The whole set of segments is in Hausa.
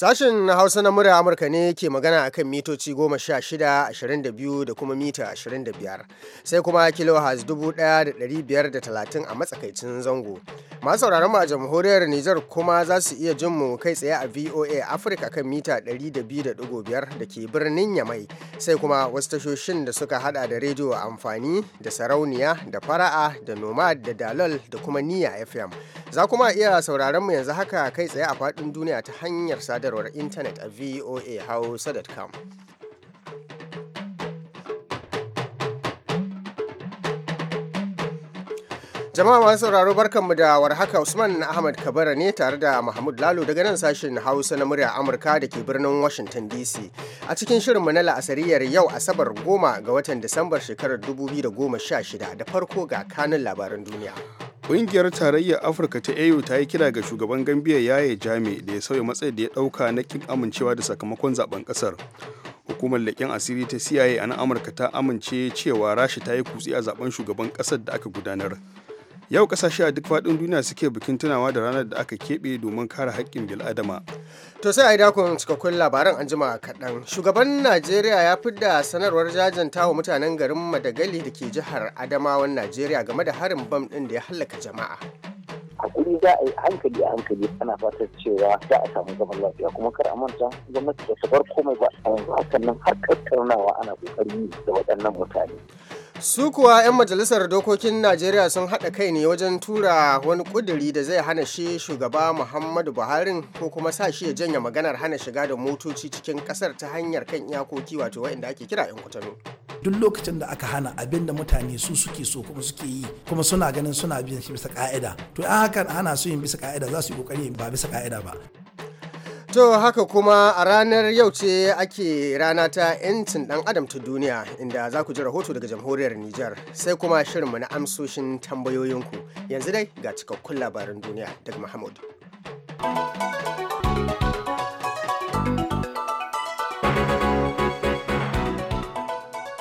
Sashen Hausa na murya Amurka ne ke magana akan mitoci goma sha shida, ashirin da biyu da kuma mita ashirin da biyar, sai kuma has dubu ɗaya da ɗari biyar da talatin a matsakaicin zango. Masu sauraron mu a jamhuriyar Nijar kuma za su iya jin mu kai tsaye a VOA Africa kan mita ɗari da biyu da ɗigo biyar da ke birnin Yamai, sai kuma wasu tashoshin da suka haɗa da rediyo amfani da sarauniya da fara'a da nomad da dalal da kuma niya FM. Za kuma iya sauraron mu yanzu haka kai tsaye a faɗin duniya ta hanyar sadar sadarwar intanet a voa hausa.com jama'a masu sauraro barkanmu da warhaka usman ahmad kabara ne tare da mahmud lalo daga nan sashen hausa na murya amurka da ke birnin washington dc a cikin shirinmu na la'asariyar yau asabar goma ga watan disambar shekarar 2016 da farko ga kanun labaran duniya Ƙungiyar Tarayyar Afirka ta AU ta yi kira ga shugaban Gambia yaye Jame da ya sauya matsayin da ya ɗauka na ƙin amincewa da sakamakon zaben ƙasar. Hukumar leƙen asiri ta CIA a nan Amurka ta amince cewa Rasha ta yi kutsi a zaben shugaban ƙasar da aka gudanar. yau kasashe a duk faɗin duniya suke bikin tunawa da ranar da aka keɓe domin kare haƙƙin bil'adama to sai a yi dakon cikakkun labaran an jima kaɗan shugaban najeriya ya fidda sanarwar jajanta wa mutanen garin madagali da ke jihar adamawan najeriya game da harin bam ɗin da ya hallaka jama'a hakuri za a yi hankali a hankali ana fatar cewa za a samu zaman lafiya kuma kar a manta gwamnati ba ta bar komai ba a yanzu hakan nan har ana kokarin yi da waɗannan mutane su kuwa 'yan majalisar dokokin najeriya sun haɗa kai ne wajen tura wani ƙuduri da zai hana shi shugaba muhammadu buhari ko kuma sa shi ya janya maganar hana shiga da motoci cikin ƙasar ta hanyar kan iyakoki wato wa'inda ake kira 'yan kwatano duk lokacin da aka hana abin da mutane su suke so kuma suke yi kuma suna ganin suna bin shi bisa ka'ida to in hakan hana su yin bisa ka'ida za su yi kokari ba bisa ka'ida ba To haka kuma a ranar yau ce ake rana ta 'yancin ɗan adam ta duniya inda za ku ji rahoto daga jamhuriyar Nijar sai kuma shirinmu na amsoshin tambayoyinku yanzu dai ga cikakkun labaran duniya daga Mahmud.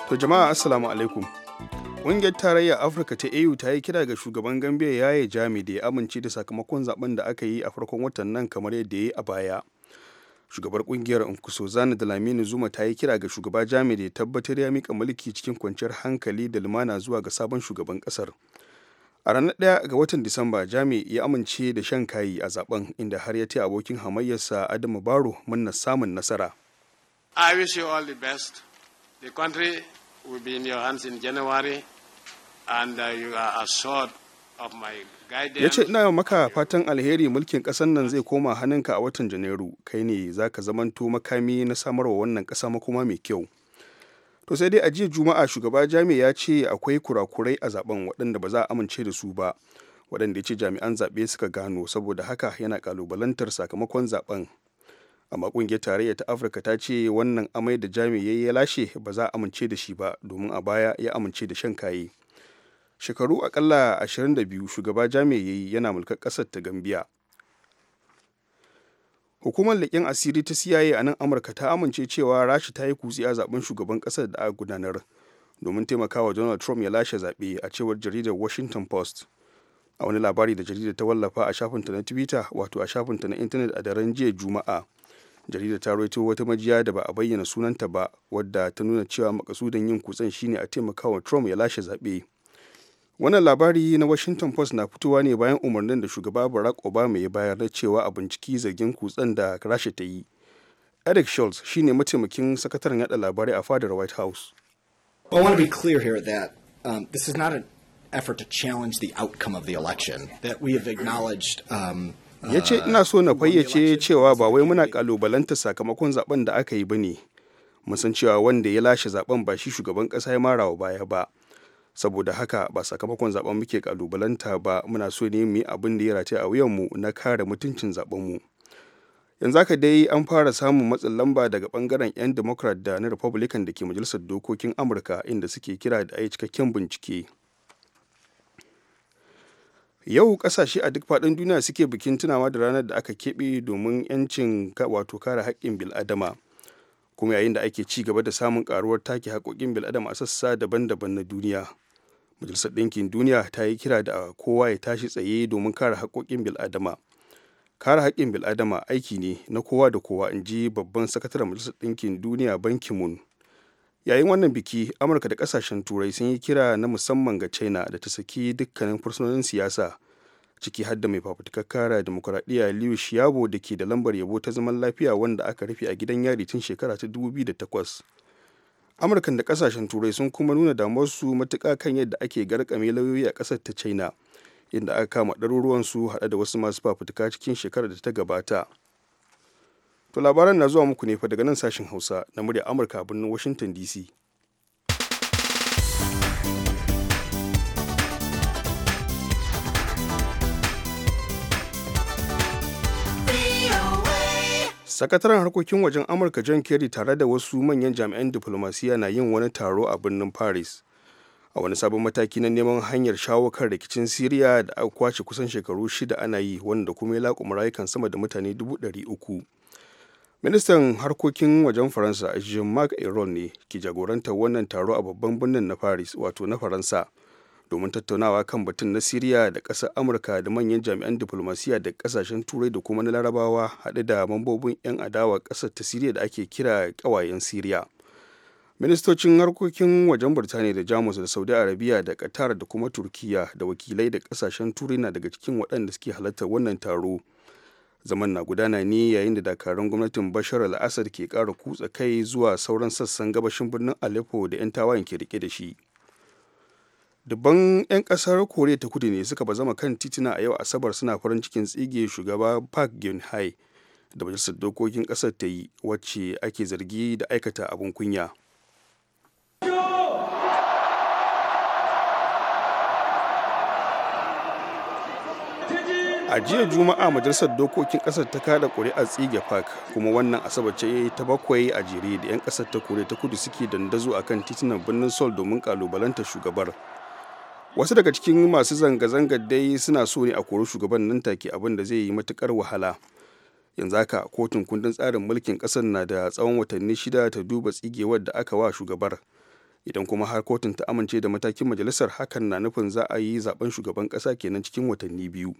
To jama'a assalamu alaikum. Ƙungiyar Tarayyar Afirka ta AU ta yi kira ga shugaban Gambia yaye Jami da ya amince da sakamakon zaben da aka yi a farkon watan nan kamar yadda ya yi a baya. shugabar kungiyar da lamini zuma ta yi kira ga shugaba jami da ya tabbatar ya mika mulki cikin kwanciyar hankali da lumana zuwa ga sabon shugaban kasar a ranar daya ga watan disamba jami ya amince da shan kayi a zaben inda har ya taya abokin hamayyarsa adamu baro munna samun nasara i wish you all the best the country will be in your hands in january and uh, you are assured of my ya ce ina maka fatan alheri mulkin kasan nan zai koma hannunka a watan janairu kai ne za ka zamanto makami na samarwa wannan ƙasa makoma mai kyau to sai dai a jiya juma'a shugaba jami ya ce akwai kurakurai a zaben waɗanda ba za a amince da su ba waɗanda ya ce jami'an zaɓe suka gano saboda haka yana kalubalantar sakamakon zaben amma ƙungiyar tarayya ta afirka ta ce wannan amai da jami ya lashe ba za a amince da shi ba domin a baya ya amince da shan kaye shekaru akalla 22 shugaba jami ya yana mulkar kasar ta gambiya hukumar leƙen asiri ta cia a nan amurka ta amince cewa rashi ta yi kutsi a zaben shugaban ƙasar da aka gudanar domin taimakawa donald trump ya lashe zaɓe a cewar jaridar washington post a wani labari da jaridar ta wallafa a shafinta na twitter wato a shafinta na intanet a daren jiya juma'a jaridar ta rawaito wata majiya da ba a bayyana sunanta ba wadda ta nuna cewa makasudan yin kutsen shine a taimakawa trump ya lashe zaɓe wannan labari na washington post na fitowa ne bayan umarnin da shugaba barack obama ya bayar na cewa a binciki zargin kutsen da rasha ta yi eric schultz shine mataimakin sakataren yada labarai a fadar white house I want to be clear um, an effort to the outcome of election that we have acknowledged um, uh, ya ce ina so na fayyace cewa ba wai muna kalubalanta sakamakon zaben da aka yi ba ne mun cewa wanda ya lashe zaben ba shi shugaban kasa ya marawa baya ba saboda haka ba sakamakon zaben muke kalubalanta ba muna so ne mu abin da ya race a mu na kare mutuncin mu. yanzu haka dai an fara samun matsin lamba daga bangaren 'yan democrat da na republican da ke majalisar dokokin amurka inda suke kira da a yi cikakken bincike yau kasashe a duk faɗin duniya suke bikin tunawa da ranar da aka keɓe domin 'yancin wato kare haƙƙin bil'adama kuma yayin da ake ci gaba da samun karuwar take haƙoƙin bil'adama a sassa daban-daban na duniya majalisar ɗinkin duniya ta yi kira da kowa ya tashi tsaye domin kare haƙoƙin bil'adama kare haƙƙin bil'adama aiki ne na kowa da kowa in ji babban sakataren majalisar ɗinkin duniya ban mun. yayin wannan biki amurka da ƙasashen turai sun yi kira na musamman ga china da ta saki dukkanin fursunonin siyasa ciki hadda mai fafutukar kara demokuraɗiyya liu shiabo da ke da lambar yabo ta zaman lafiya wanda aka rufe a gidan yari tun shekara ta 2008 amurkan da kasashen turai sun kuma nuna damuwarsu matuka kan yadda ake garkame lauyoyi a ƙasar ta china inda aka kama ɗaruruwan su haɗe da wasu masu fafutuka cikin shekarar da ta gabata to labaran na zuwa muku ne fa daga nan sashen hausa na murya amurka a birnin washington dc sakataren harkokin wajen amurka john kerry tare da wasu manyan jami'an diplomasiya na yin wani taro a birnin paris a wani sabon mataki na neman hanyar shawo kan rikicin siriya da aka kwace kusan shekaru shida ana yi wanda kuma ya laƙuma rayukan sama da mutane dubu ɗari uku ministan harkokin wajen faransa jean-marc ayron ne ke jagorantar wannan taro a babban birnin na paris wato na faransa domin tattaunawa kan batun na siriya da ƙasar amurka da manyan jami'an diflomasiyya da ƙasashen turai da kuma na larabawa haɗe da mambobin 'yan adawa ƙasar ta siriya da ake kira ƙawayen siriya ministocin harkokin wajen birtaniya da jamus da saudi arabiya da qatar da kuma turkiya da wakilai da ƙasashen turai na daga cikin waɗanda suke halartar wannan taro zaman na gudana ne yayin da dakarun gwamnatin bashar al-assad ke ƙara kutsa kai zuwa sauran sassan gabashin birnin aleppo da 'yan tawayen ke rike da shi dubban 'yan kasar koriya ta kudu ne suka bazama kan titina a yau asabar suna farin cikin tsige shugaba park geun hye da majalisar dokokin kasar ta yi wacce ake zargi da aikata abin kunya a jiya juma'a majalisar dokokin kasar ta kada kuri'ar tsige park kuma wannan asabar ce ta bakwai a jere da 'yan kasar ta kore ta kudu suke dandazo akan titunan birnin sol domin kalubalanta shugabar wasu daga cikin masu zanga zanga dai suna so ne a kori shugaban nan take abin da zai yi matukar wahala yanzu haka kotun kundin tsarin mulkin kasar na da tsawon watanni shida ta duba tsigewar da aka wa shugabar idan kuma har kotun ta amince da matakin majalisar hakan na nufin za a yi zaben shugaban kasa kenan cikin watanni biyu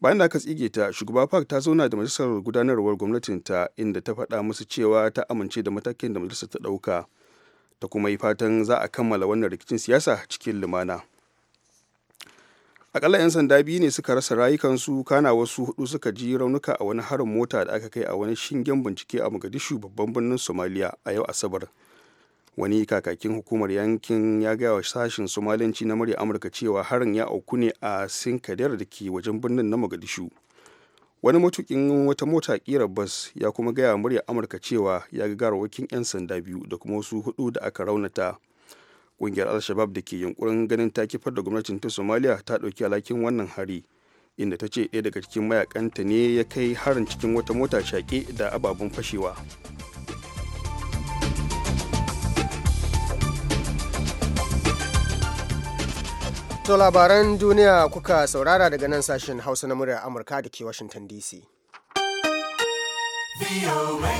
bayan da aka tsige ta shugaba park ta zauna da majalisar gudanarwar gwamnatin ta inda ta faɗa musu cewa ta amince da matakin da majalisar ta ɗauka ta kuma yi fatan za a kammala wannan rikicin siyasa cikin lumana akalla 'yan sanda biyu ne suka rasa rayukansu kana wasu hudu suka ji raunuka a wani harin mota da aka kai a wani shingen bincike a mogadishu babban birnin somalia a yau asabar wani kakakin hukumar yankin ya gaya wa sashen somalinci na murya amurka cewa harin ya auku ne a sinkadiyar da ke wajen birnin na mogadishu wani matukin wata mota kira bas ya kuma gaya murya amurka cewa ya ga garawakin 'yan sanda biyu da kuma wasu hudu da aka raunata kungiyar al-shabab da ke yunkurin ganin ta kifar da gwamnatin ta somaliya ta ɗauki alhakin wannan hari inda ta ce ɗaya daga cikin mayakanta ne ya kai harin cikin wata mota shaƙe da ababen fashewa To labaran duniya kuka saurara daga nan sashen hausa na muryar amurka da ke washington dc VOA.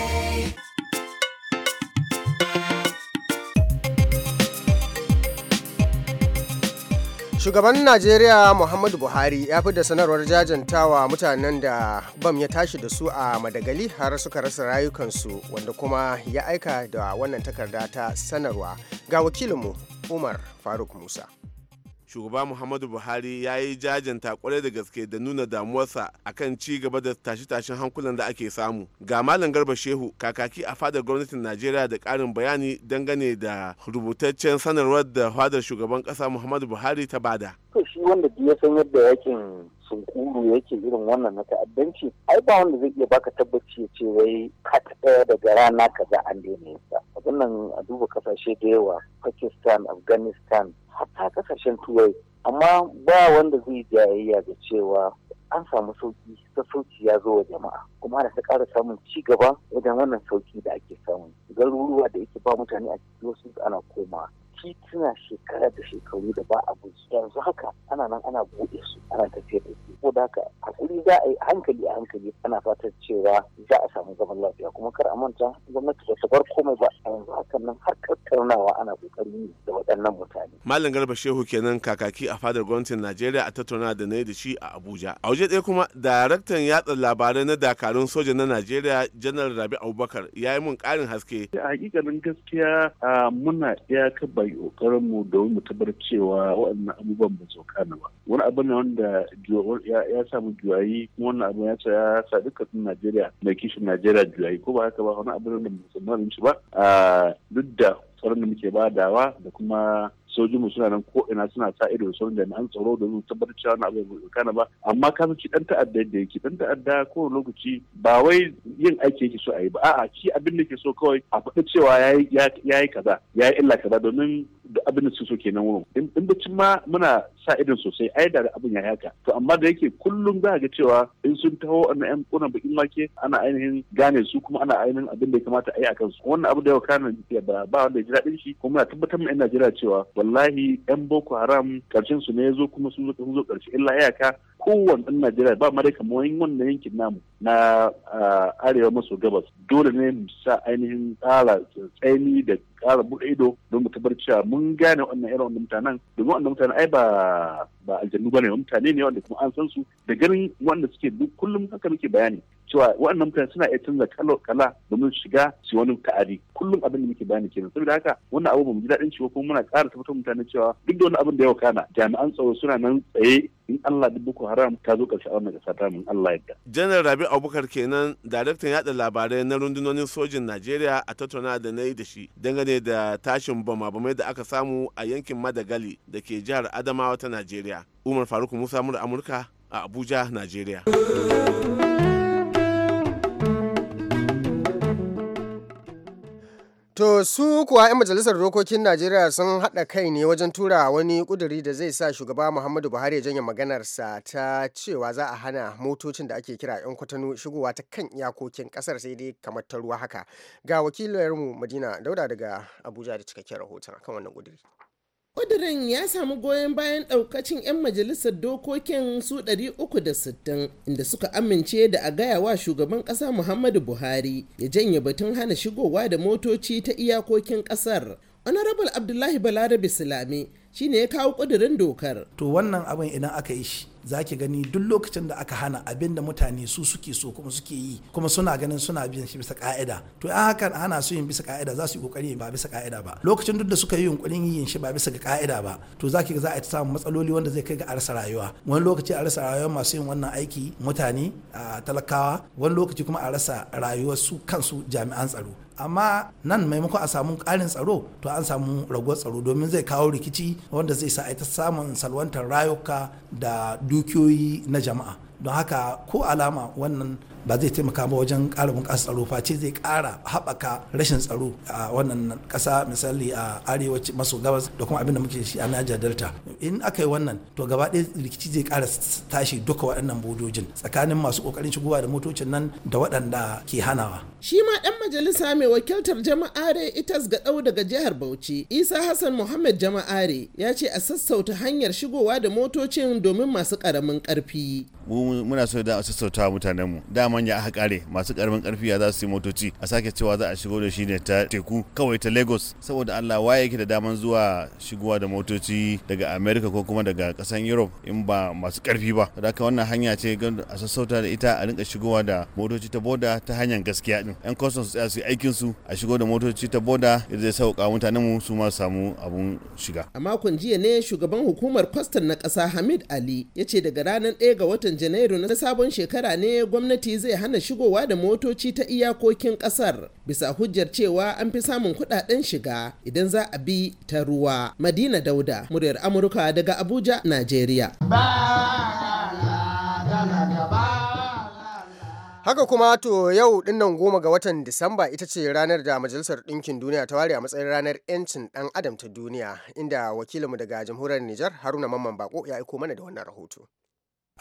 shugaban najeriya muhammadu buhari ya fi da sanarwar jajantawa mutanen da bam ya tashi da su a madagali har suka rasa rayukansu wanda kuma ya aika da wannan takarda ta sanarwa ga wakilinmu umar faruk musa shugaba muhammadu buhari ya yi jajanta kwarai da gaske da nuna damuwarsa akan ci gaba da tashe-tashen hankulan da ake samu ga malam garba shehu kakaki a fadar gwamnatin najeriya da karin bayani dangane da rubutaccen sanarwar da fadar shugaban kasa muhammadu buhari ta bada shi wanda ya san yadda yakin sunkuru yake irin wannan na ta'addanci ai ba wanda zai iya baka tabbaci ya ce wai kat ɗaya daga rana kaza an daina yasa abin a duba kasashe da yawa pakistan afghanistan hatta kasashen turai amma ba wanda zai jayayya da cewa an samu sauki sassauci ya zo wa jama'a kuma da ta ƙara samun ci gaba wajen wannan sauki da ake samu garuruwa da yake ba mutane a ciki wasu ana koma. tituna shekara da shekaru da ba a buji yanzu haka ana nan ana buɗe su ana tafiya da su ko da haka hakuri za a yi hankali a hankali ana fatar cewa za a samu zaman lafiya kuma kar a manta gwamnati da ta bar komai ba a yanzu haka nan har tattaunawa ana kokari da waɗannan mutane. Malam Garba Shehu kenan kakaki a fadar gwamnatin Najeriya a tattauna da na da shi a Abuja. A waje ɗaya kuma daraktan yatsa labarai na dakarun soja na Najeriya Janar Rabi Abubakar ya yi mun ƙarin haske. A hakikanin gaskiya muna iyakar yi ƙoƙarin mu domin mu tabbar cewa waɗannan abubuwan ba su kana ba wani abu ne wanda ya samu juyayi wannan abu ya ya sa duka Najeriya mai kishin Najeriya juyayi ko ba haka ba wani abu ne da musamman shi ba ah, duk da tsaron da muke ba dawa da kuma mu suna nan ko ina suna sa ido sauran jami'an tsaro da zuwa tabbatar cewa na abin kana ba amma ka zuci dan ta'adda yadda yake dan ta'adda ko lokaci ba wai yin aiki yake so a yi ba a'a shi abin da ke so kawai a faɗi cewa ya yi kaza ya yi illa kaza domin da abin da su so kenan wurin in cin ma muna sa idon sosai ai da abin ya haka to amma da yake kullum za ga cewa in sun taho wannan yan kunan bakin wake ana ainihin gane su kuma ana ainihin abin da ya kamata a yi a kansu wannan abu da yau kana ba wanda ya ji daɗin shi kuma muna tabbatar ma yan cewa wallahi yan boko haram karshen su ne zo kuma sun zo karshe illa iyaka kowane dan Najeriya ba mare kamar wannan yankin namu na arewa maso gabas dole ne mu sa ainihin tsara tsaini da kara buɗe ido don mu tabbatar cewa mun gane wannan irin wannan mutanen domin wannan mutanen ai ba ba aljannu bane mutane ne wanda kuma an san su da ganin wanda suke duk kullum haka muke bayani cewa waɗannan mutane suna iya canza kala domin shiga su wani ta'adi kullum abin da muke bayani kenan saboda haka wannan abu ba mu ji daɗin cewa kuma muna ƙara tabbatar mutane cewa duk da wani abin da yau kana jami'an tsaro suna nan tsaye in Allah da Boko Haram ta zo ƙarshe a wannan ƙasa ta mun Allah yadda. Janar Rabi Abubakar kenan daraktan yada labarai na rundunonin sojin Najeriya a tattauna da na yi da shi dangane da tashin bama-bamai da aka samu a yankin Madagali da ke jihar Adamawa ta Najeriya. Umar Faruk Musa Amurka a Abuja, Najeriya. To su kuwa 'yan majalisar dokokin Najeriya sun haɗa kai ne wajen tura wani ƙuduri da zai sa shugaba Muhammadu Buhari ya janye maganarsa ta cewa za a hana motocin da ake kira 'yan kwatano shigowa ta kan iyakokin ƙasar sai dai kamar ta ruwa haka. Ga wakilarmu Madina Dauda daga Abuja da cikakken rahoton kan wannan ƙuduri. ƙudurin ya samu goyon bayan ɗaukacin 'yan majalisar dokokin su 360 inda suka amince da a gaya wa shugaban ƙasa muhammadu buhari ya janye batun hana shigowa da motoci ta iyakokin ƙasar honorable abdullahi balarabe silami shine ya kawo ƙudurin dokar to wannan abin idan aka yi shi za ki gani duk lokacin da aka hana abin da mutane su suke so kuma suke yi kuma suna ganin suna biyan shi bisa ka'ida to in haka hana su yin bisa ka'ida za su yi kokari ba bisa ka'ida ba lokacin duk da suka yi yunkurin yin shi ba bisa ga ka'ida ba to za ki ga za a samu matsaloli wanda zai kai ga arsa rayuwa wani lokaci a rasa rayuwar masu yin wannan aiki mutane a talakawa wani lokaci kuma a rasa rayuwar su kansu jami'an tsaro amma nan maimako a samu ƙarin tsaro to an samu raguwar tsaro domin zai kawo rikici wanda zai sa ita samun salwantar rayuka da dukiyoyi na jama'a don haka ko alama wannan ba zai taimaka ba wajen ƙara bunƙasa tsaro face zai ƙara haɓaka rashin tsaro a wannan ƙasa misali a arewaci maso gabas da kuma abin da muke shi a Niger Delta in aka yi wannan to gaba ɗaya rikici zai ƙara tashi duka waɗannan bodojin tsakanin masu ƙoƙarin shigowa da motocin nan da waɗanda ke hanawa shi ma ɗan majalisa mai wakiltar jama'are itas ga ɗau daga jihar Bauchi Isa Hassan Muhammad jama'are ya ce a sassauta hanyar shigowa da motocin domin masu ƙaramin ƙarfi muna so da a sassauta mutanenmu dama manya aka kare masu karamin karfi ya za su yi motoci a sake cewa za a shigo da shi ne ta teku kawai ta lagos saboda allah waye yake da daman zuwa shigowa da motoci daga america ko kuma daga kasan europe in ba masu karfi ba da haka wannan hanya ce a sassauta da ita a rinka shigowa da motoci ta boda ta hanyar gaskiya din yan customs tsaya su yi aikin su a shigo da motoci ta boda da zai sauka mutanen mu su ma samu abun shiga a makon jiya ne shugaban hukumar kwastan na kasa hamid ali ya ce daga ranar 1 ga watan janairu na sabon shekara ne gwamnati zai hana shigowa da motoci ta iyakokin kasar bisa hujjar cewa an fi samun kudaden shiga idan za a bi ta ruwa madina dauda muryar amurka daga abuja nigeria haka kuma to yau dinnan goma ga watan disamba ita ce ranar da majalisar ɗinkin duniya ta ware a matsayin ranar 'yancin ɗan adam ta duniya inda wakilinmu daga jamhuriyar nijar haruna mamman bako ya aiko mana da wannan rahoto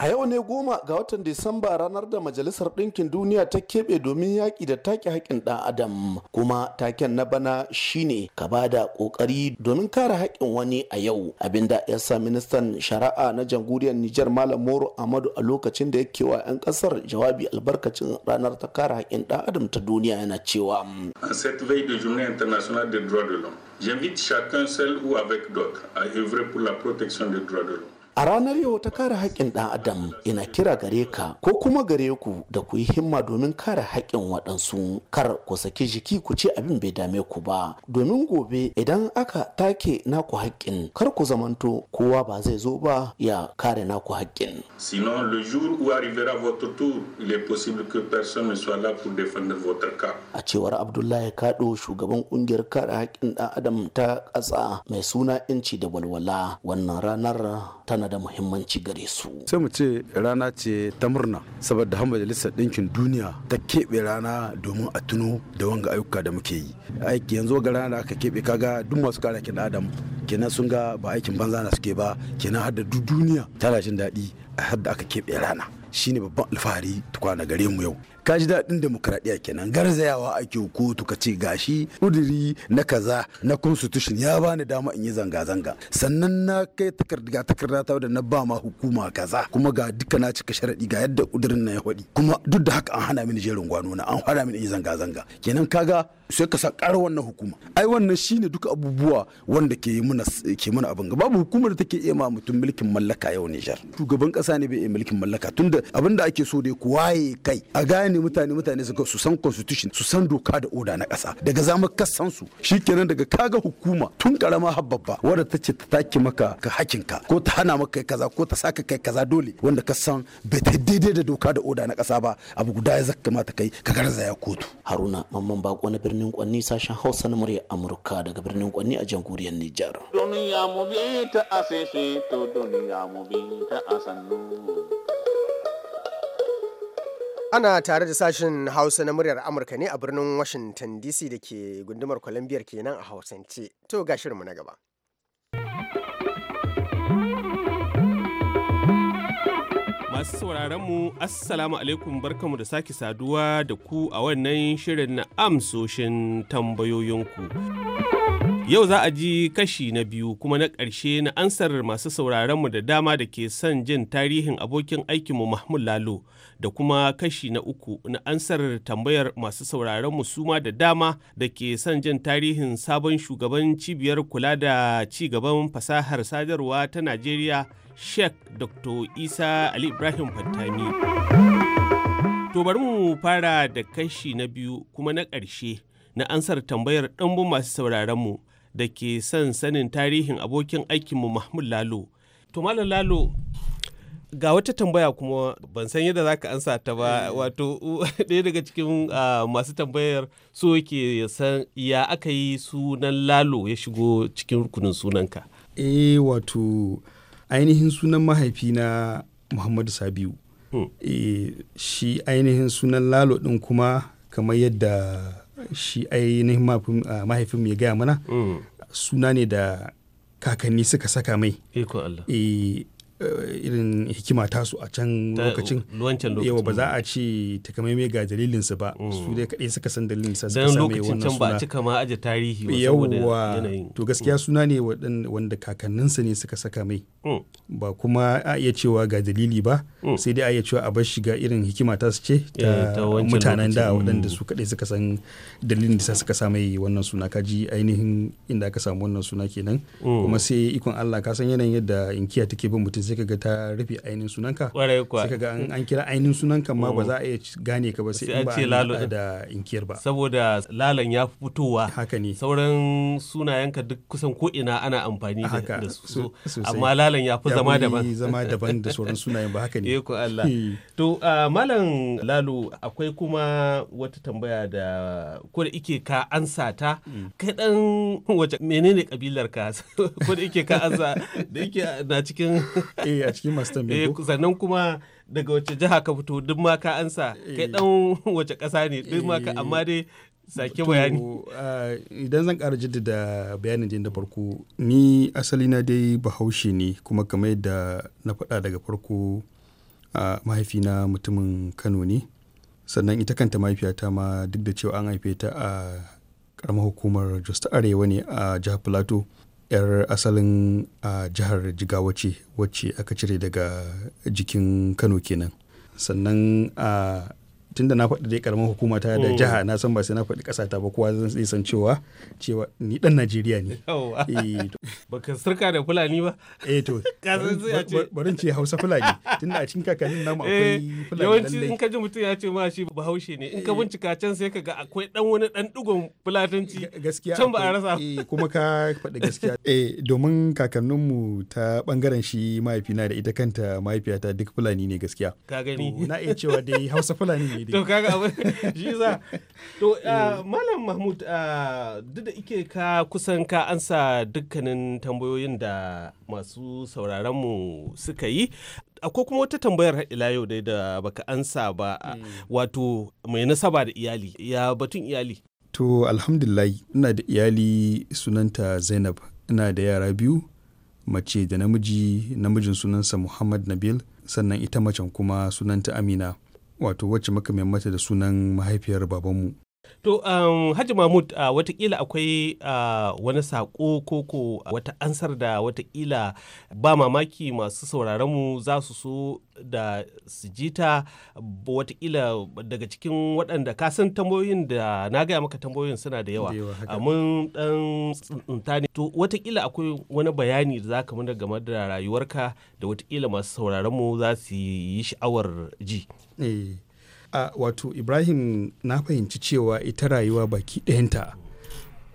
A yau ne goma ga watan Disamba ranar da Majalisar Ɗinkin Duniya ta keɓe domin yaƙi da take haƙƙin ɗan Adam. Kuma taken na bana shine ka ba da ƙoƙari domin kare haƙƙin wani a yau. Abinda ya sa ministan shari'a na jamhuriyar Nijar Malam Moro Amadu a lokacin da yake wa 'yan ƙasar jawabi albarkacin ranar ta kare haƙƙin ɗan Adam ta duniya yana cewa. En cette de j'invite chacun seul ou avec d'autres à œuvrer pour la protection des droits de l'homme. a ranar yau ta kare haƙƙin ɗan adam ina kira gare ka ko kuma gare ku da ku yi himma domin kare haƙƙin waɗansu kar ku saki jiki ku ci abin bai dame ku ba domin gobe idan aka take naku haƙƙin kar ku zamanto kowa ba zai zo ba ya kare naku haƙƙin sinon le jour où arrivera votre tour il est possible que personne ne soit là pour défendre votre cas a cewar abdullahi kado shugaban ƙungiyar kare haƙƙin ɗan adam ta ƙasa mai suna inci da walwala wannan ranar tana da muhimmanci gare su sai mu ce rana ce ta murna saboda har majalisar ɗinkin duniya ta keɓe rana domin a tuno da wanga ayyuka da muke yi aiki yanzu ga rana da aka keɓe kaga duk masu kare kin adam kenan sun ga ba aikin banza na suke ba kenan har da duk duniya tana jin daɗi har da aka keɓe rana shine babban alfahari tukwana gare mu yau ka ji daɗin demokradiyya kenan garzayawa ake kotu ka ce gashi Kuduri na kaza na constitution ya bani dama in yi zanga-zanga sannan na kai takarda takarda ta da na ba ma hukuma kaza kuma ga duka na cika sharaɗi ga yadda kudurin na ya faɗi kuma duk da haka an hana mini jerin gwano na an hana mini in yi zanga-zanga kenan kaga sai ka sa ƙara wannan hukuma ai wannan shine duka abubuwa wanda ke muna ke muna abin ga babu hukumar da take iya ma mutum mulkin mallaka yau Nijar shugaban kasa ne bai iya mulkin mallaka tunda abin da ake so dai ku waye kai a gane ne mutane mutane su su san constitution su san doka da oda na kasa daga zama ka san su shikenan daga kaga hukuma tun karama har babba wanda ta ce ta take maka ka hakinka ko ta hana maka kai kaza ko ta saka kai kaza dole wanda ka san bai ta daidai da doka da oda na kasa ba abu guda ya zaka mata kai ka garzaya kotu haruna mamman bako na birnin kwanni sashen hausa na murya amurka daga birnin kwanni a jamhuriyar nijar duniya mu bi ta asese to duniya mu bi ta asannu Ana tare da sashen Hausa na muryar Amurka ne a birnin Washington DC da ke gundumar Columbia kenan a Hausance. To ga shirinmu na gaba. Masu sauraron mu Assalamu alaikum barkamu da sake saduwa da ku a wannan shirin na amsoshin tambayoyinku. Yau za a ji kashi na biyu kuma na ƙarshe na ansar masu sauraronmu da dama da ke son jin tarihin abokin aikinmu Mahmud Lalo da kuma kashi na uku na ansar tambayar masu sauraronmu suma da dama da ke son jin tarihin sabon shugaban cibiyar kula da ci gaban fasahar sadarwa ta Najeriya Sheikh Dr. Isa Ali Ibrahim Fattani To bari mu fara da kashi na biyu kuma na ƙarshe na ansar tambayar ɗanbun masu sauraronmu da ke son sanin tarihin abokin aikinmu Mahmud Lalo. To Malam Lalo ga wata tambaya kuma ban san yadda za ka ansa ta ba eh. wato ɗaya daga cikin masu tambayar so ke san ya aka yi sunan Lalo ya shigo cikin rukunin sunanka. Eh wato ainihin sunan mahaifina Muhammadu Sabiu. E, shi ainihin sunan Lalo ɗin kuma kamar yadda shi ainihin ah, mahaifinmu ya gaya mana mm. suna ne da kakanni suka saka mai Eh, irin hikima tasu a can lokacin yau ba za a ce takamaimai ga dalilinsa ba su dai kadai suka san dalilin suka same wannan suna ba a cika ma aje tarihi ba saboda to gaskiya suna ne wanda kakanninsa ne suka saka mai hmm. ba kuma a iya cewa ga dalili ba hmm. sai dai a iya cewa a bar shiga irin hikima tasu ce ta eh, mutanen da waɗanda hmm. su kadai suka san dalilin da suka sa mai wannan suna ka ji ainihin inda aka samu wannan suna kenan kuma sai ikon Allah ka san yanayin yadda inkiya take bin mutum sai ga ta rufe ainihin sunanka kwarai kuwa sai kaga an kira ainihin sunanka ma ba za a iya oh. gane ka ba sai an ce lalo da inkiyar ba saboda lalan ya fitowa haka ne sauran sunayenka duk kusan ko ina ana amfani da su amma lalan ya fi zama daban zama daban da sauran sunayen ba haka ne eh ko Allah hmm. to malam lalo akwai kuma wata tambaya da ko da ike ka ansa ta hmm. kai dan wace menene kabilar ka ko da ike ka ansa da ike na cikin eh a cikin masu tambaye eh sannan kuma daga wace jiha ka fito duk ma ka ansa kai dan eh. wace ƙasa ne duk ma ka eh. amma dai sake bayani idan zan ƙara jaddada bayanin da farko ni asali na dai bahaushe ne kuma kamar yadda na faɗa daga farko a mahaifina mutumin kano ne sannan ita kanta mahaifiyata ma duk da cewa an haife ta a karamar hukumar jos ta arewa ne a jihar plateau 'yar asalin a jihar jigawa ce wacce aka cire daga jikin kano kenan sannan a tunda na faɗi dai karamin hukuma ta da oh. jiha na san ba sai na faɗi ƙasa ta ba kowa zan iya san cewa cewa ni dan Najeriya ne. Eh, ba ka sirka da Fulani ba? Eh to. Barin ce Hausa Fulani tunda a cikin kakannin namu akwai eh, Fulani. Yawanci in ka ji mutum ya ce ma shi Bahaushe ne in ka eh. bincika can sai ka ga akwai dan wani dan digon Fulatanci. Gaskiya. Can ba a rasa. kuma ka faɗi gaskiya. Eh domin kakanninmu ta bangaren shi mahaifina da ita kanta mahaifiyata duk Fulani ne gaskiya. Ka gani. Na iya cewa dai Hausa Fulani ne dai to kaga shi za to eh. ah, malam mahmud ah, duk da ike ka kusan ka ansa dukkanin tambayoyin da masu sauraron mu suka yi akwai kuma wata tambayar ila yau dai da baka ansa ba ah, hmm. wato mai nasaba da iyali ya batun iyali to alhamdulillah ina da iyali sunanta zainab ina da yara biyu mace da namiji namijin sunansa muhammad nabil sannan ita macen kuma sunanta amina wato wacce muka mai mata da sunan mahaifiyar babanmu To, um, Hajji Mahmud, uh, watakila akwai uh, wani saƙo ko ko wata ansar da watakila ba mamaki masu sauraronmu za su so da su jita watakila daga cikin waɗanda kasan tambayoyin da na gaya maka tambayoyin suna da yawa. Mun ɗan tsinta ne. To, watakila akwai wani bayani da za ka mana game da rayuwarka da watakila masu sauraronmu za su yi sha'awar ji. Eh, a wato ibrahim na fahimci cewa ita rayuwa baki ɗayanta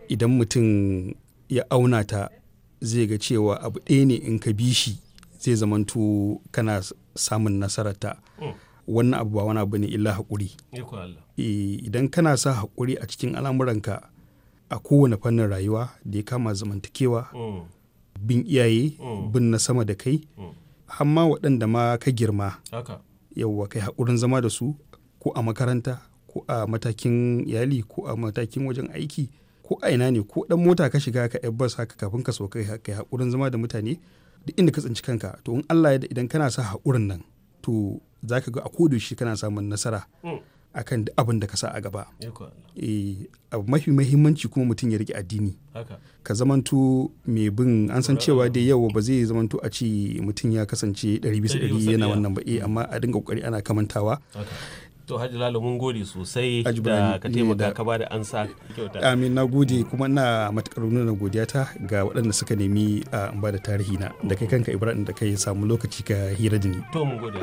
idan mutum ya auna ta zai ga cewa abu ɗaya ne in ka bi shi zai zamanto kana samun nasararta hmm. wannan abu ba wani abu ne illa haƙuri eh, idan kana sa haƙuri a cikin al'amuranka a kowane fannin rayuwa da ya kama zamantakewa hmm. bin iyaye hmm. bin na sama da kai amma waɗanda ma ka girma yauwa kai haƙurin zama da su ko a makaranta ko a matakin iyali ko a matakin wajen aiki ko a ina ne ko dan mota ka shiga ka bas haka kafin ka so kai hakurin zama da mutane da inda ka tsinci kanka to in Allah ya da idan kana sa hakurin nan to zaka ga a kodo shi kana samun nasara hmm. akan duk abin da ka sa a gaba eh abu mafi muhimmanci kuma mutum ya rike addini ka zamanto mai bin an san cewa dai yau ba zai zamanto a ce mutum ya kasance 100 bisa 100 yana wannan ba eh amma a dinga kokari ana kamantawa to hajji lalo mun gode sosai eh, da ka taimaka ka bada ansa kyauta amin na gode kuma ina matukar nuna godiyata ga waɗanda suka nemi a ah, ba da tarihi na da kai kanka ibrahim da kai samu lokaci ka hira da ni to mun gode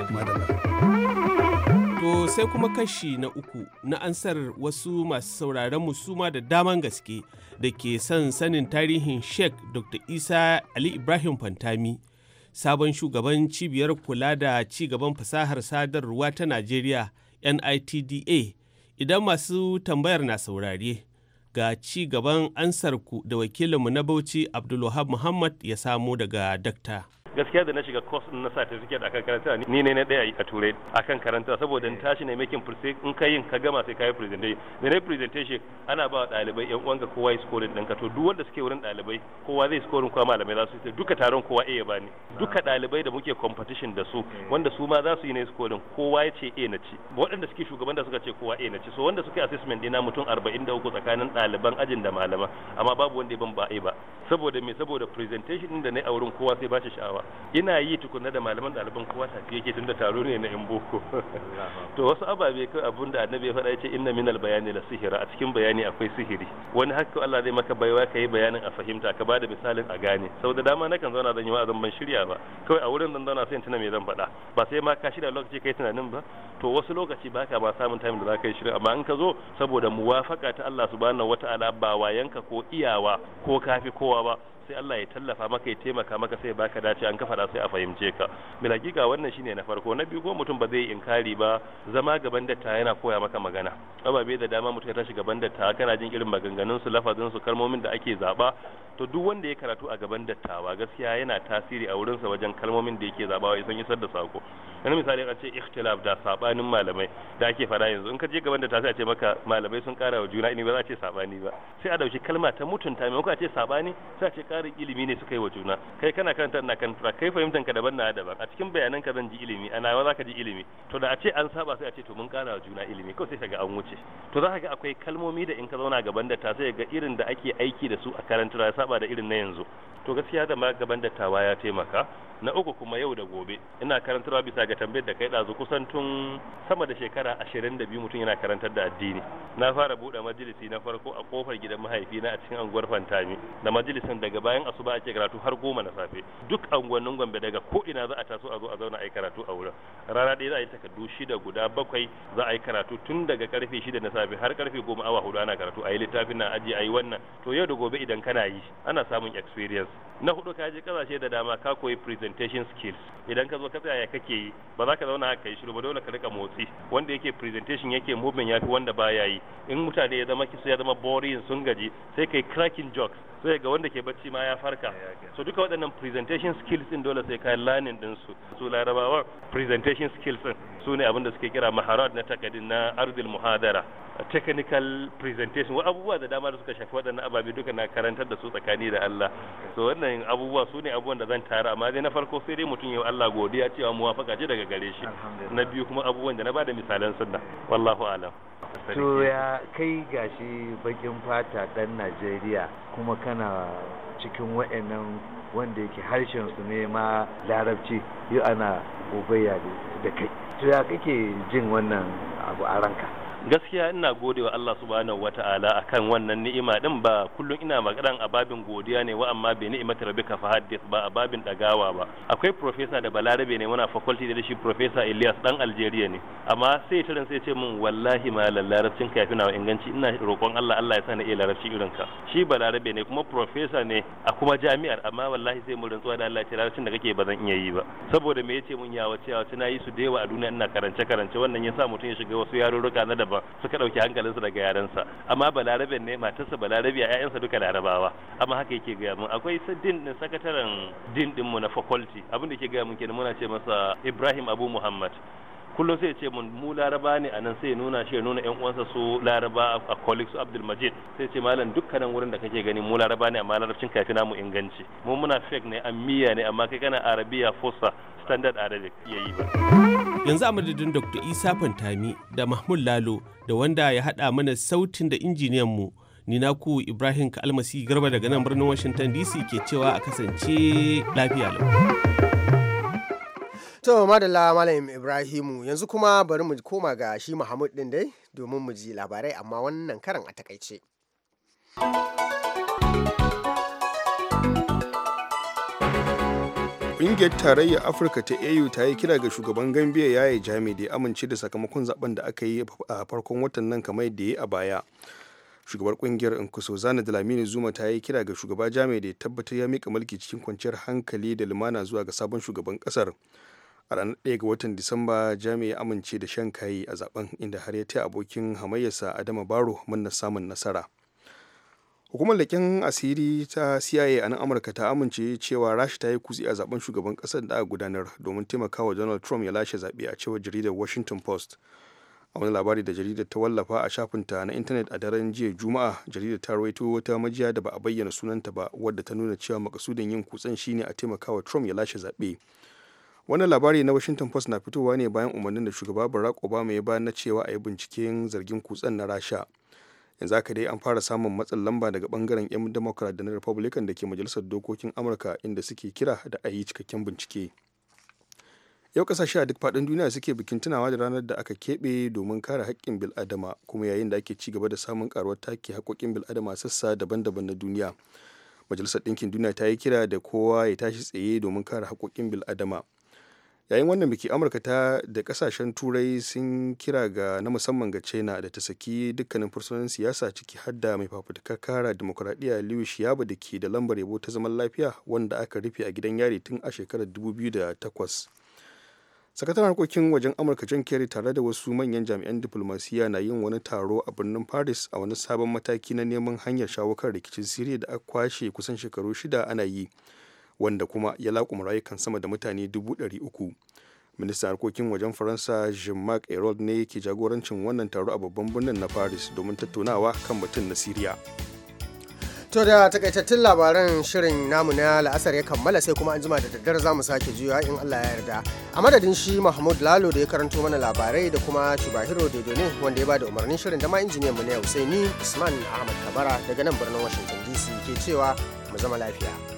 to sai kuma kashi na uku na ansar wasu masu sauraron mu suma da daman gaske da ke son sanin tarihin sheikh dr isa ali ibrahim fantami sabon shugaban cibiyar kula da cigaban fasahar sadarwa ta najeriya NITDA idan masu tambayar na saurare ga ci gaban ansarku da wakilinmu na Bauchi Abdulwahab Muhammad ya samu daga dakta. gaskiya da na shiga course din na certificate akan karanta ni ne na daya a turai akan karanta saboda in tashi ne making in ka yin ka gama sai ka yi presentation da na presentation ana ba ɗalibai yan ga kowa ya score din ka to duk wanda suke wurin ɗalibai kowa zai score kowa malamai za su yi duka taron kowa A ya bani duka ɗalibai da muke competition da su mm. wanda su ma za su yi ne score kowa ya ce A na ci waɗanda suke shugaban da suka ce kowa A na ci so wanda suke assessment dina mutum 43 tsakanin ɗaliban ajin da malama amma babu wanda ya ban ba A ba saboda me saboda presentation din da na yi a wurin kowa sai ba shi sha'awa ina yi tukuna da malaman ɗaliban kowa tafi yake tun da taro ne na yan boko to wasu ababe kai abun da annabi ya faɗa ya ce inna minal bayani la sihira a cikin bayani akwai sihiri wani hakka Allah zai maka baiwa ka yi bayanin a fahimta ka bada misalin a gane saboda dama nakan zauna zan yi wa'azin ban shirya ba kawai a wurin zan zauna sai tuna me zan faɗa ba sai ma ka shirya lokaci kai tunanin ba to wasu lokaci baka ba samun time da zaka yi shirya amma in ka zo saboda muwafaka ta Allah subhanahu wata'ala ba wayanka ko iyawa ko kafi kowa ba sai Allah ya tallafa maka ya taimaka maka sai baka dace an kafa sai a fahimce ka bil hakika wannan shine na farko na biyu ko mutum ba zai inkari ba zama gaban datta yana koya maka magana ababe da dama mutum ya tashi gaban datta kana jin irin maganganun su lafazin su kalmomin da ake zaba to duk wanda ya karatu a gaban dattawa gaskiya yana tasiri a wurinsa wajen kalmomin da yake zabawa isan isar da sako yana misali a ce ikhtilaf da sabanin malamai da ake fara yanzu in ka je gaban dattawa sai a ce maka malamai sun kara wa juna ini ba za a ce sabani ba sai a dauki kalma ta mutunta ko a ce sabani sai a ce ƙarin ilimi ne suka yi wa juna kai kana karanta ina kan karanta kai fahimtan ka daban na daban a cikin bayanan ka zan ji ilimi a nawa zaka ji ilimi to da a ce an saba sai a ce to mun ƙara wa juna ilimi ko sai kaga an wuce to za ka ga akwai kalmomi da in ka zauna gaban da ta sai ga irin da ake aiki da su a karanta ya saba da irin na yanzu to gaskiya da ma gaban dattawa ya taimaka na uku kuma yau da gobe ina karantarwa bisa ga tambayar da kai ɗazu kusan tun sama da shekara ashirin da biyu mutum yana karantar da addini na fara buɗe majalisi na farko a kofar gidan mahaifi na a cikin anguwar fantami da majalisin daga bayan asuba ake karatu har goma na safe duk anguwannin gombe daga ko ina za a taso a zo a zauna a yi karatu a wurin rana ɗaya za a yi takardu shida guda bakwai za a yi karatu tun daga karfe shida na safe har karfe goma awa hudu ana karatu a yi littafin na aji a yi wannan to yau da gobe idan kana yi ana samun experience na hudu ka je kasashe da dama ka koyi presentation skills idan ka zo ka tsaya kake yi ba za ka zauna haka yi shiru ba dole ka rika motsi wanda yake presentation yake movement yafi wanda baya yi in mutane ya zama kisa ya zama boring sun gaji sai ka yi cracking jokes sai ga wanda ke bacci ma ya farka so duka waɗannan presentation skills din dole sai ka learning din su su larabawa presentation skills din su ne abinda suke kira maharad na takadin na ardil muhadara technical presentation abubuwa da dama da suka shafi waɗannan ababe duka na karantar da su tsakani da Allah so wannan abubuwa su ne abubuwan da zan tara amma dai na farko sai dai mutum ya Allah godiya cewa mu muwafaka ce daga gare shi na biyu kuma abubuwan da na bada misalan sunna wallahu alam to ya kai gashi bakin fata dan Najeriya kuma kana cikin wa'annan. wanda yake harshen su ne ma larabci yi ana gobayya da kai to ya kake jin wannan abu a ranka gaskiya ina gode wa Allah subhanahu wa ta'ala akan wannan ni'ima din ba kullum ina maganan a babin godiya ne wa amma bai ni'imati rabbika fa haddith ba a babin dagawa ba akwai professor da balarabe ne muna faculty da shi professor Elias dan Algeria ne amma sai tirin sai ce min wallahi ma larabcin ka yafi na inganci ina roƙon Allah Allah ya sa na iya larabci irin ka shi balarabe ne kuma professor ne a kuma jami'ar amma wallahi sai mu rantsuwa da Allah ya larabcin da kake ba zan iya yi ba saboda me yace mun ya wace ya wace na yi su da yawa a duniya ina karance karance wannan sa mutum ya shiga wasu yarurruka na daban daban suka ɗauki hankalinsu daga yarensa amma balarabe ne matarsa balarabe a ƴaƴansa duka larabawa amma haka yake gaya mun akwai din ɗin sakataren din ɗinmu na faculty abin da ke gaya mun kenan muna ce masa ibrahim abu muhammad kullum sai ya ce mun mu laraba ne a nan sai ya nuna shi ya nuna yan uwansa su laraba a colleague su abdul majid sai ce malam dukkanin wurin da kake gani mu laraba ne amma larabcin kafi mu inganci mu muna fake ne miya ne amma kai kana arabiya fossa standard arabic yayi ba yanzu a madadin dr isa fantami da mahmud lalo da wanda ya hada mana sautin da injiniyan mu ni naku ibrahim kalmasi garba daga nan birnin washington dc ke cewa a kasance lafiya lau To madalla Malam Ibrahimu yanzu kuma bari mu koma ga shi Muhammad din dai domin mu ji labarai amma wannan karan a takaice. Ƙungiyar Tarayyar Afirka ta AU ta yi kira ga shugaban Gambia ya yi jami da ya amince da sakamakon zaben da aka yi a farkon watan nan kamar da ya a baya. Shugabar ƙungiyar Zana Dlamini Zuma ta yi kira ga shugaba jami da ya tabbatar ya mika mulki cikin kwanciyar hankali da lumana zuwa ga sabon shugaban ƙasar. a ranar 1 ga watan disamba jami'a ya amince da shan kayi a zaben inda har ya taya abokin hamayyarsa adama baro manna samun nasara hukumar leƙen asiri ta cia a nan amurka ta amince cewa rashi ta yi kutse a zaben shugaban ƙasar da aka gudanar domin taimakawa donald trump ya lashe zaɓe a cewar jaridar washington post a wani labari da jaridar ta wallafa a shafinta na intanet a daren jiya juma'a jaridar ta rawaito wata majiya da ba a bayyana sunanta ba wadda ta nuna cewa makasudin yin kutsen shine a taimakawa trump ya lashe zaɓe wannan labari na washington post na fitowa ne bayan umarnin da shugaba barack obama ya bayar na cewa a yi binciken zargin kutsen na rasha yanzu aka dai an fara samun matsin lamba daga bangaren 'yan democrat da na republican da ke majalisar dokokin amurka inda suke kira da a yi cikakken bincike yau kasashe a duk faɗin duniya suke bikin tunawa da ranar da aka keɓe domin kare haƙƙin bil'adama kuma yayin da ake ci gaba da samun karuwar take haƙƙoƙin bil'adama sassa daban-daban na duniya majalisar ɗinkin duniya ta yi kira da kowa ya tashi tsaye domin kare haƙƙoƙin bil'adama yayin wannan biki amurka ta da kasashen turai sun kira ga na musamman ga china da ta saki dukkanin fursunan siyasa ciki hadda mai fafutukar kara demokuraɗiyya liu shiyaba da ke da lambar yabo ta zaman lafiya wanda aka rufe a gidan yari tun a shekarar 2008 sakataren harkokin wajen amurka john kerry tare da wasu manyan jami'an diplomasiya na yin wani taro a birnin paris a wani sabon mataki na neman hanyar shawo kan rikicin siriya da aka kwashe kusan shekaru shida ana yi wanda kuma ya laƙuma rayukan sama da mutane dubu ɗari uku ministan harkokin wajen faransa jean-marc ayrault ne ke jagorancin wannan taro a babban birnin na paris domin tattaunawa kan batun na siriya To da takaitattun labaran shirin namu na la'asar ya kammala sai kuma an jima da daddare za mu sake juya in Allah ya yarda. A madadin shi Mahmud Lalo da ya karanto mana labarai da kuma Shubahiro ne wanda ya bada umarnin shirin da ma injiniyan mu na yau sai ni Usman Ahmad Kabara daga nan birnin Washington DC ke cewa mu zama lafiya.